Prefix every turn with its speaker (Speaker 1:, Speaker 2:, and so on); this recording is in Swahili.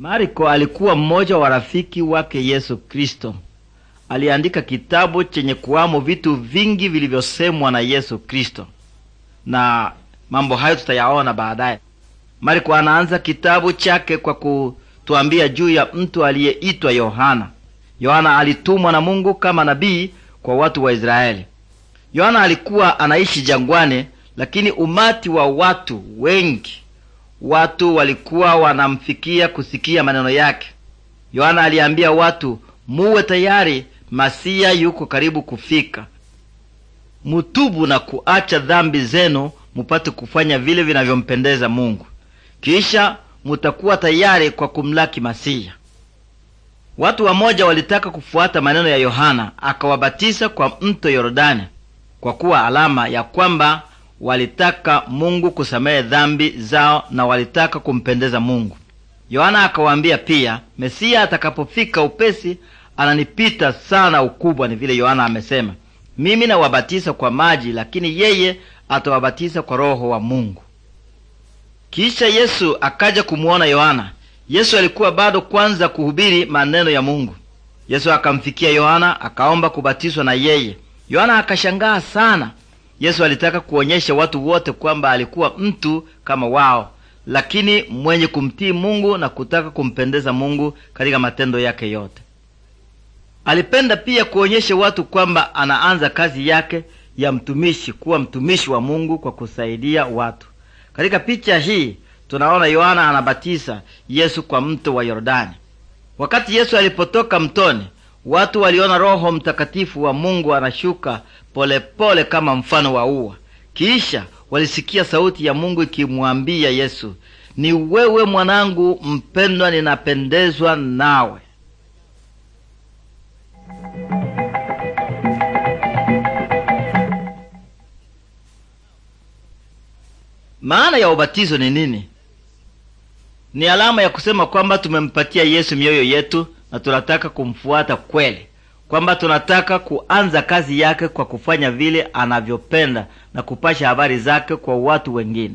Speaker 1: mariko alikuwa mmoja wa rafiki wake Yesu Kristo. Aliandika kitabu chenye kuwamo vitu vingi vilivyosemwa na Yesu Kristo, na mambo hayo tutayaona baadaye. mariko anaanza kitabu chake kwa kutuambia juu ya mtu aliyeitwa Yohana. Yohana alitumwa na Mungu kama nabii kwa watu wa Israeli. Yohana alikuwa anaishi jangwani, lakini umati wa watu wengi watu walikuwa wanamfikia kusikia maneno yake. Yohana aliambia watu, muwe tayari, Masiya yuko karibu kufika. Mutubu na kuacha dhambi zenu mupate kufanya vile vinavyompendeza Mungu, kisha mutakuwa tayari kwa kumlaki Masiya. Watu wamoja walitaka kufuata maneno ya Yohana, akawabatiza kwa mto Yorodani, kwa kuwa alama ya kwamba walitaka Mungu kusamehe dhambi zao na walitaka kumpendeza Mungu. Yohana akawaambia pia, Mesiya atakapofika upesi ananipita sana ukubwa, ni vile Yohana amesema, mimi wabatisa kwa maji, lakini yeye atawabatiza kwa Roho wa Mungu. Kisha Yesu akaja kumuona Yohana. Yesu alikuwa bado kwanza kuhubiri maneno ya Mungu. Yesu akamfikia Yohana akaomba kubatizwa na yeye. Yohana akashangaa sana, Yesu alitaka kuonyesha watu wote kwamba alikuwa mtu kama wao, lakini mwenye kumtii Mungu na kutaka kumpendeza Mungu katika matendo yake yote. Alipenda pia kuonyesha watu kwamba anaanza kazi yake ya mtumishi kuwa mtumishi wa Mungu kwa kusaidia watu. Katika picha hii tunaona Yohana anabatiza Yesu kwa mto wa Yordani. Wakati Yesu alipotoka mtoni, Watu waliona Roho Mtakatifu wa Mungu anashuka polepole kama mfano wa ua. Kisha walisikia sauti ya Mungu ikimwambia Yesu, ni wewe mwanangu mpendwa, ninapendezwa nawe. Maana ya ubatizo ni nini? Ni alama ya kusema kwamba tumempatia Yesu mioyo yetu na tunataka kumfuata kweli, kwamba tunataka kuanza kazi yake kwa kufanya vile anavyopenda na kupasha habari zake kwa watu wengine.